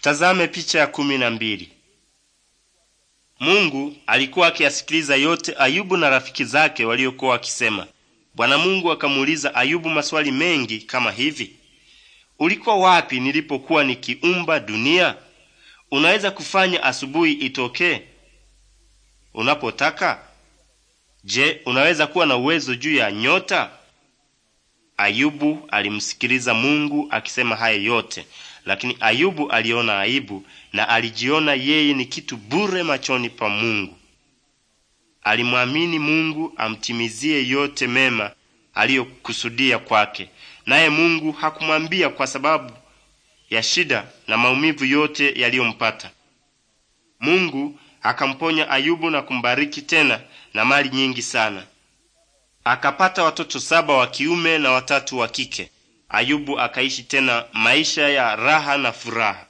Tazame picha ya kumi na mbili. Mungu alikuwa akiyasikiliza yote Ayubu na rafiki zake waliokuwa wakisema. Bwana Mungu akamuuliza Ayubu maswali mengi kama hivi: ulikuwa wapi nilipokuwa nikiumba dunia? Unaweza kufanya asubuhi itokee unapotaka? Je, unaweza kuwa na uwezo juu ya nyota? Ayubu alimsikiliza Mungu akisema haya yote, lakini Ayubu aliona aibu na alijiona yeye ni kitu bure machoni pa Mungu. Alimwamini Mungu amtimizie yote mema aliyokusudia kwake, naye Mungu hakumwambia kwa sababu ya shida na maumivu yote yaliyompata. Mungu akamponya Ayubu na kumbariki tena na mali nyingi sana. Akapata watoto saba wa kiume na watatu wa kike. Ayubu akaishi tena maisha ya raha na furaha.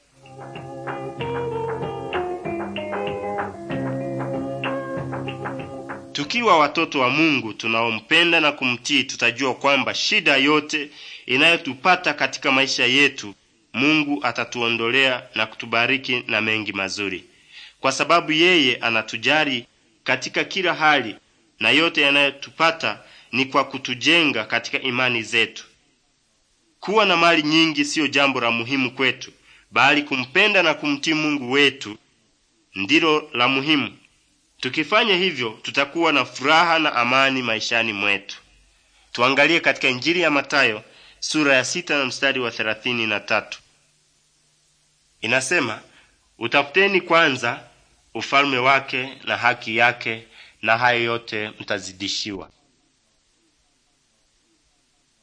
Tukiwa watoto wa Mungu tunaompenda na kumtii, tutajua kwamba shida yote inayotupata katika maisha yetu Mungu atatuondolea na kutubariki na mengi mazuri, kwa sababu yeye anatujali katika kila hali na yote yanayotupata ni kwa kutujenga katika imani zetu. Kuwa na mali nyingi siyo jambo la muhimu kwetu, bali kumpenda na kumtii Mungu wetu ndilo la muhimu. Tukifanya hivyo, tutakuwa na furaha na amani maishani mwetu. Tuangalie katika Injili ya Matayo sura ya sita na mstari wa thelathini na tatu. Inasema, utafuteni kwanza ufalme wake na haki yake na hayo yote mtazidishiwa.